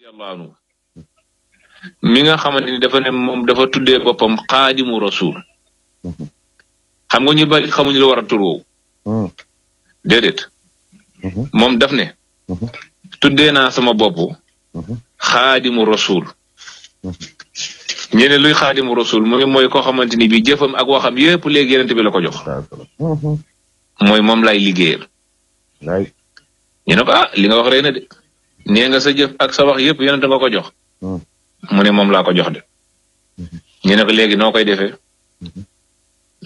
radiyallahu anhu mi nga xamante ni dafa ne moom dafa tuddee boppam xaadimu rasul xam nga ñu bari xamuñu la war a tur woowu déedéet moom daf ne tuddee naa sama bopp xaadimu rasul ñene luy xaadimu rasul mu ngi mooy koo xamante ni bi jëfam ak waxam yépp léegi yeneen bi la ko jox mooy moom lay liggéeyal ñu ne ko ah wax rey de nee nga sa jëf ak sa wax yëpp yonent nga ko jox. Mm-hmm. mu ne moom laa ko jox de. Mm-hmm. ñu ne ko léegi noo koy defee. Mm-hmm.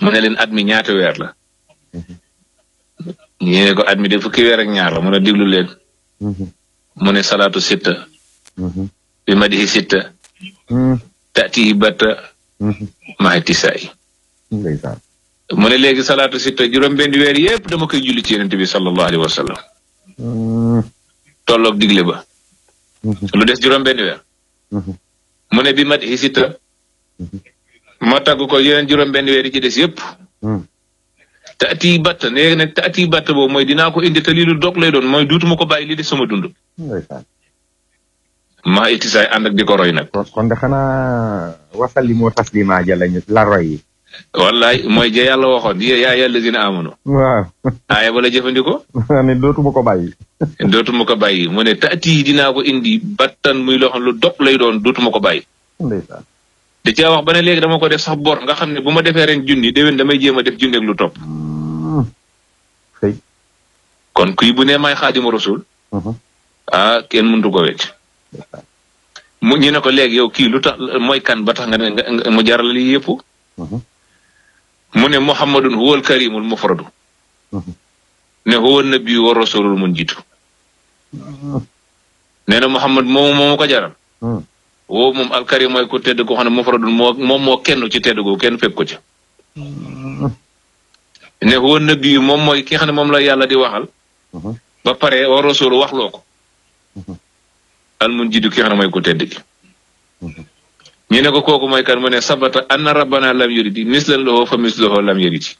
mu ne leen at mi ñaata weer la. ñu ko at mi de fukki weer ak ñaar la mu ne diglu leen. mu ne salaatu sitta. bi ma di sitta. taati batta. maa ngi tisaay. mu ne léegi salaatu sitta juróom-benn weer yëpp dama koy julli ci yonent bi sallallahu alayhi wa sallam. tolloog digle ba. Mhm. lu des juróom benn weer. Mhm. mu ne bi mat hisita mhm. ma tàgg ko yeneen juróom benn weer yi ci des yëpp. taati batt nee nag taati bat boobu mooy dinaa ko indi te lii lu dog lay doon mooy duutuma ko bàyyi lii de sama dund. maa itisaay ànd ak diko ko roy nag. kon de xanaa wasali moo taslima ja lañu la wallaay mooy ja yàlla waxoon ya yaa yàlla dina amanu. waaw. aaya ba la jëfandikoo. ne dootuma ko bàyyi. dootuma ko bàyyi mu ne taati dinaa ko indi battan muy loo xam lu dog lay doon dootuma ko bàyyi. ndeysaan. da caa wax ba ne léegi dama ko def sax bor nga xam ne bu ma defee ren junni déwén damay jéem a def junni lu topp. Mm-hmm. kon kuy bu ne maay xaadimu rasul. Mm-hmm. ah kenn mëntu ko wecc. mu ñu ne ko léegi yow kii lu tax kan ba tax nga ne mu jaral lii mu ne muhammadun huwal karimul mufradu ne huwal nabiyu wa rasulul mun jiitu nee na muhammad moomu moomu ko jaral woo moom alkarim mooy ku tedd ko xam ne mufradun moo moom moo kenn ci tedd ko kenn fekk ko ci ne huwa nabiyu moom mooy ki nga xam moom la yàlla di waxal ba pare wa rasul waxloo ko al mun jitu ki nga xam mooy ku tedd ñu ne ko kooku mooy kan mu ne sabata anna rabbana lam yuridi mislahu fa mislahu lam yuridi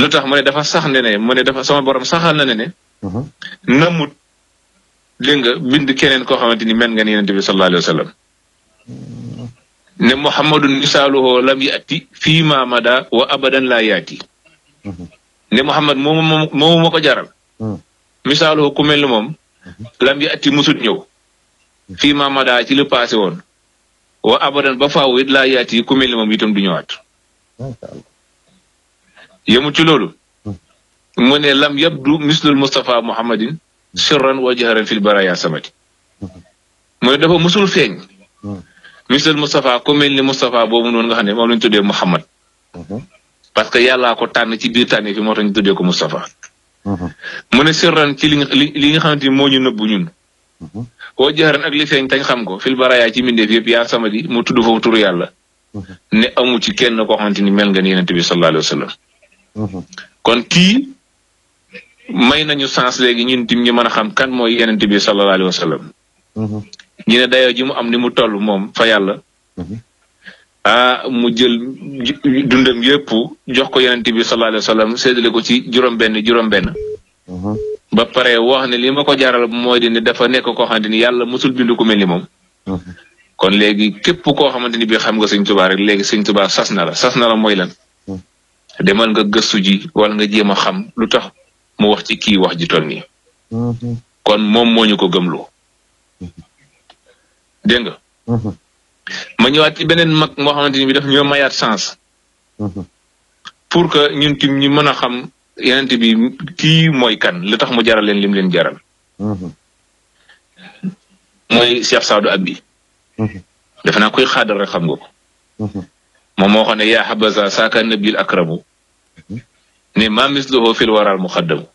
lu tax mu dafa sax ne mone dafa sama borom saxal na ne ne mhm. namut li nga bind keneen koo xamante ni men nga ni yonente bi sallallahu alayhi ne muhammadun misaaluhu lam yaati fii ma mada wa abadan laa yaati mhm. ne muhammad moomu moomu ma ko jaral mhm. misaaluhu ku mel ni moom lam yaati musut ñëw fii ma ci lu passé woon wa abadan ba faaw it laa yaati yi ku mel ni moom itam du ñëwaat yemu ci loolu hmm. mu ne lam yabdu mislul Moustapha Muhammadin hmm. sirran wa jahran fil baraya samati hmm. mu ne dafa musul feeñ mislul Moustapha ku mel ni Moustapha boobu noonu nga xam ne moom la ñu Muhammad parce que yàllaa ko tànn ci biir tànn fi moo ñu tuddee ko Moustapha mu sirran ci li nga li nga xamante ni moo ñu nëbbu ñun woo jaxaran ak li feeñ tañ xam ko fil baraaya ci mbindeef yëpp yaa samadi mu tudd foofu turu yàlla ne amu ci kenn koo xamante ni mel nga ni yonent bi sallallahu alayhi wa kon kii may nañu sans léegi ñun tim ñu mën a xam kan mooy yonent bi sallallahu alayhi wa sallam ñu ne dayoo ji mu am ni mu toll moom fa yàlla ah mu jël dundam yëpp jox ko yonent bi sallallahu alayhi wa sallam séddale ko ci juróom-benn juróom-benn ba pare wax ne li ma ko jaral mooy di dafa nekk ko xamante ni yàlla mosul bindu ku mel ni moom. kon léegi képp koo xamante ni bii xam nga sëñ tubaa rek léegi sëñ tubaa sas na la sas na la mooy lan. Hmm. demal nga gëstu ji wala nga jéem a xam lu tax mu wax ci kii wax ji toll nii. kon moom moo ñu ko gëmloo. dégg nga. ma ñëwaat ci beneen mag moo xamante ni bii daf ñoo mayaat sens. pour que ñun tim ñu mën a xam. yonent bi kii mooy kan li tax mu jaral leen lim leen jaral. Mhm. mooy Cheikh Saadu Abi. Mhm. defe naa kuy xaadal rek xam nga ko. Mhm. moom moo xam ne yaa xabaza saaka nabil akramu. ne maa misluhu fil waral muqaddamu.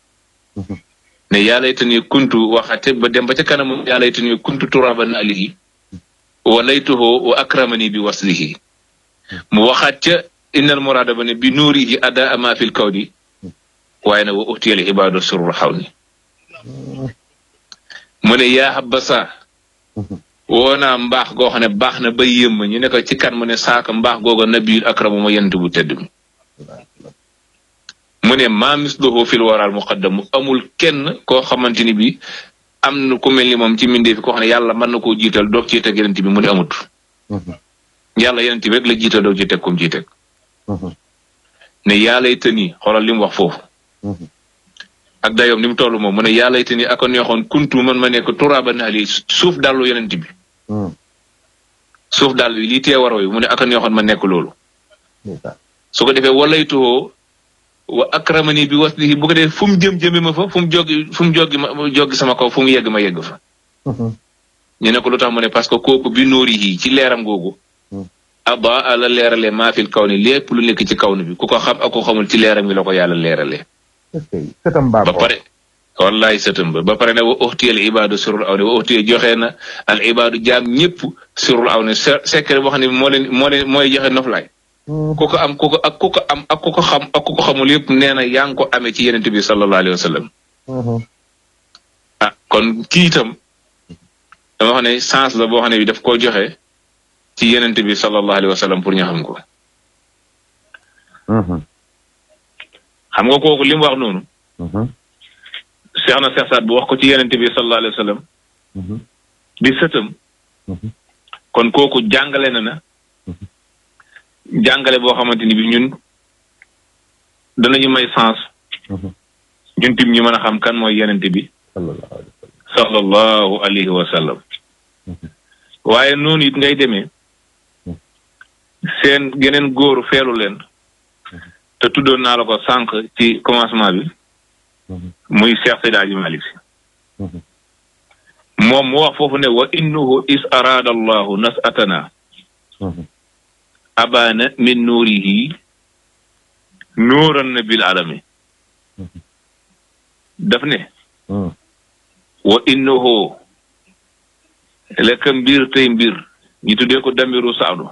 ne yaa laytani kuntu waxate ba dem ba ca kanam yaa laytani kuntu turaban alihi. wa laytuhu wa bi waslihi. mu waxaat ca innal muraada ba ne bi nuurihi adaa ma fil kawni waaye nag wa uhtiyal ibaadu surul xawli mu ne yaa habasa woo naa mbaax goo xam ne baax na ba yéem ñu ne ko ci kan mu ne saaka mbaax googa nabiyul akramu ma yent bu tedd mi mu ne maa misluhu fil waral muqaddamu amul kenn koo xamante ni bi am na ku mel ni moom ci mbindeef koo xam ne yàlla mën na koo jiital doog cee teg yonent bi mu ne amut yàlla rek la jiital doog cee teg kum ciy teg ne yàllay tëni xoolal wax foofu Mhm. ak dayoom ni mu toll moom mu ne yàlla it ni ako neexoon kuntu man ma nekk turaaban ali suuf dàllu yonent bi mhm. suuf dàll yi lii tee waroo yi mu ne ako neexoon ma nekk loolu su ko defee walaytuhoo wa akramani bi waslihi bu ko defee fu mu jëm jëme ma fa fu mu joggi fu mu joggi ma joggi sama kaw fu yegg ma yegg fa mhm. ñu ne lu tax mu ne parce que kooku bi nóori yi ci leeram googu aba ala leerale maa fil kaw ni lépp lu nekk ci kaw ni bi ku ko xam a ko xamul ci leeram gi la ko yàlla leerale sëtam ba pare wallaay sëtam ba pare ne wa uxtiya al ibaadu surul aw ne wa uxtiya joxe na al ibaadu jaam ñëpp surul aw ne secret boo xam ne moo moo mooy joxe noflaay mm. ku ko am ku ak ku am ak ku ko xam ku ko xamul yëpp nee na yaa ngi ko ame ci yeneen bi sallallahu alayhi wa sallam mm-hmm. ah kon kii ne sens la boo xam ne bi daf koo joxe ci yeneen bi sallallahu alayhi wa pour ñu xam ko mm-hmm. xam nga kooku lim mu wax noonu. Mhm. seex na seex saat bu wax ko ci yeneen bi sallallahu alayhi wa sallam. Mhm. di sëtam. Mhm. kon kooku jàngale na na. jàngale boo xamante ni bi ñun danañu may sens. ñun tim ñu mën a xam kan mooy yeneen bi. sallallahu alayhi wa sallam. waaye noonu it ngay demee. seen geneen góor feelu leen. te tuddoon naa sànq ci commencement bi mhm. muy Cheikh Seydi Hadji Malick mhm. mu wax foofu ne wa innahu is araada allahu nasatana mhm. abaana min nuurihi nuuran na bil alami wa innahu lekk mbir tey mbir ñu tuddee ko dambiru saadu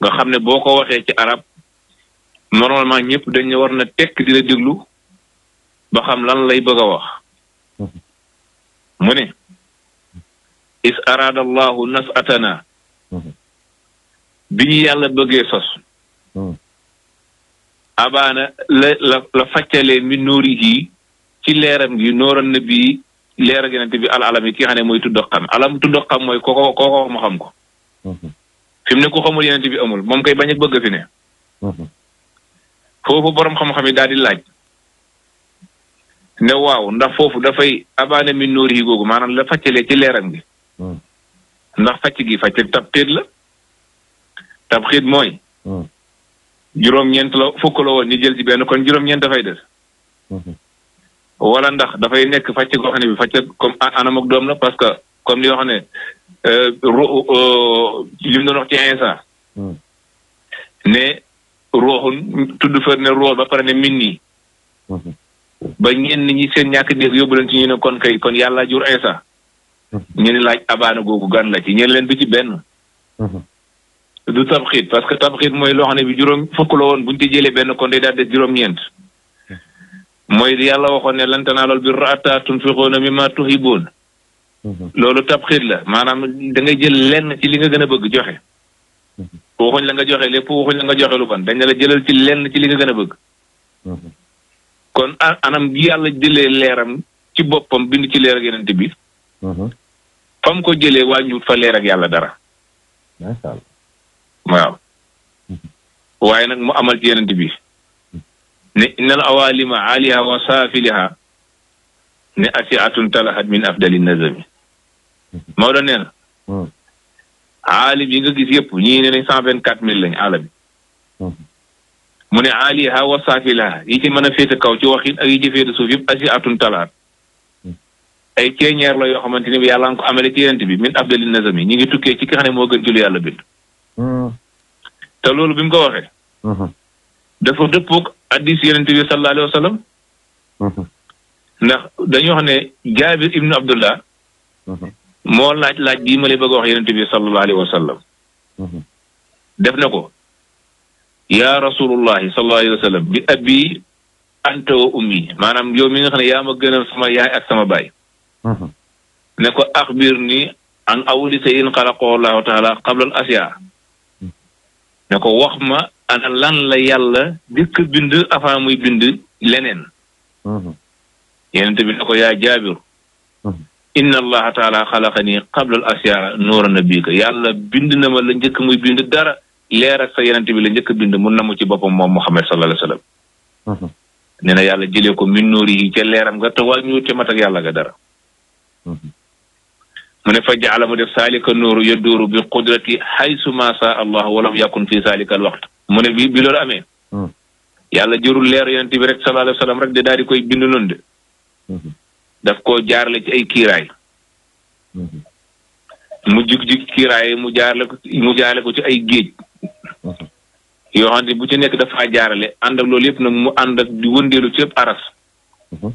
nga xam ne boo ko waxee ci arab normalement ñëpp dañ ne war na tekk di la déglu ba xam lan lay bëgg a wax mu ne is araada allahu nasatana bi ñu yàlla bëggee sos abaana la la la faccalee mi nóori yi ci leeram gi nooran na bii leera genante bi al alam yi ki nga xam ne mooy tudd xam alam tudd xam mooy kooko kooko ma xam ko mhm. fi ne ku xamul yenente bi amul moom kay bañ a bëgg fi ne mhm. foofu borom xam-xam yi daal di laaj ne waaw ndax foofu dafay abaana mi nuur yi googu maanaam la fàccelee ci leeram gi hmm. ndax fàcc gi fàcc tab xiit la tab mooy hmm. juróom-ñeent la fukk la woon ñu jël ci benn kon juróom-ñeent dafay des hmm. wala ndax dafay nekk fàcc goo xam ne bi fàcc doom la parce que comme li nga xam ne euh, ru euh, li mu doon wax ne ruuxun tudd fa ne ruux ba pare ne min nii mhm. ba ñenn ñi seen ñàkk def yóbbu leen ci ñu ne kon kay kon yàlla jur Iisa mhm. ñu ne laaj abaana googu gan la ci ñeen leen bi ci benn mhm. du tabxiit parce que tabxiit mooy loo xam ne bi juróom fukk la woon bu ñu ci jëlee benn kon day daal des juróom-ñeent mooy yàlla waxoon ne lan tanaalul birra hattaa tunfiqu mimmaa tuhibbuun loolu tabxiit la maanaam da ngay jël lenn ci li nga gën a bëgg joxe waxuñ la nga joxe lépp waxuñ la nga joxel lu bon dañ la jëlal ci lenn ci li nga gën a bëgg. Mhm. kon anam gi yàlla jëlee leeram ci boppam bind ci leer ak yeneen bi. Mhm. fam ko jëlee wàññiwut fa leer ak yàlla dara. macha allah mhm. nag mu amal ci yeneen bi. ne innal awaalima aliha wa saafiliha ne asiatun talahat min afdali nazami. Maodo nee na. aalim yi nga gis yëpp ñii ne nañ cent vingt quatre mille lañ aala hmm. mu ne aaliha wa saafilaha yi ci mën a féete kaw ci waxin ak yi ci féete suuf yëpp asi atun talaat hmm. ay ceeñeer la yoo xamante ni bi nga ko amale ci yonent bi min abdali nazam yi ñu ngi tukkee ci ki xam moo gën ci lu yàlla bind hmm. te loolu bi ko waxee dafa dëppoog addis yonent bi sallallahu alayhi wa sallam ndax dañu wax ne jaabir ibnu abdullah moo laaj laaj bii ma lay bëgg a wax bi sallallahu alayhi wa mhm. def na ko yaa rasulullahi sallallahu bi abi anta wa ummi maanaam yow mi nga xam ne yaa ma gënal sama yaay ak sama baay mhm. ne ko axbir ni an awli sayin xalaqoo allahu taala xablal asiya ne ko wax ma ana lan la yàlla dikk bind avant muy bind leneen mhm. yonent bi ne ko yaa jaabir inna allaha taala xalaqani qabla al asiya nuura nabika yàlla bind na ma la njëkk muy bind dara leer ak sa yenent bi la njëkk bind mun na mu ci boppam moom muhammad sallallahu alayhi wa sallam mhm. nee na yàlla jëlee ko min yi ca leeram nga te wàññiwut ca mat yàlla nga dara mhm. mu ne fa jaala mu def saalika nuuru yaduuru bi qudrati xaysu ma saa allah walam yakun fi saalika al mu ne bi bi amee mhm. yàlla jërul leer yonent bi rek sallallahu alayhi rek de daal di koy bind noonu de daf koo jaarale ci ay kiiraay mhm. mu jug jug kiiraay mu jaarale ko mu jaarale ko ci ay géej mhm. yoo xam ne bu ci nekk dafa jaarale ànd ak loolu yëpp nag mu ànd ak di wëndeelu ci yëpp aras mhm.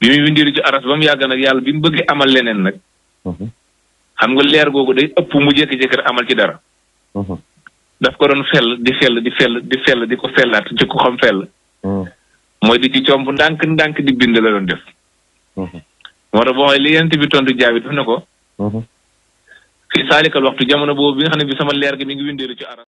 bi muy wëndeelu ci aras ba mu yàgg nag yàlla bi mu bëggee amal leneen nag xam nga leer googu de ëpp mu jékki-jékki amal ci dara daf ko doon fell di fell di fell di fell di ko fellaat ci ko xam fell mooy di ci comp ndànk ndànk di bind la doon def Mm-hmm. moo tax boo xoolee li yent bi tontu jaabir def na ko. Mm-hmm. fii saalikal waxtu jamono boobu bi nga xam ne bi sama leer gi mi ngi windeelu ci arab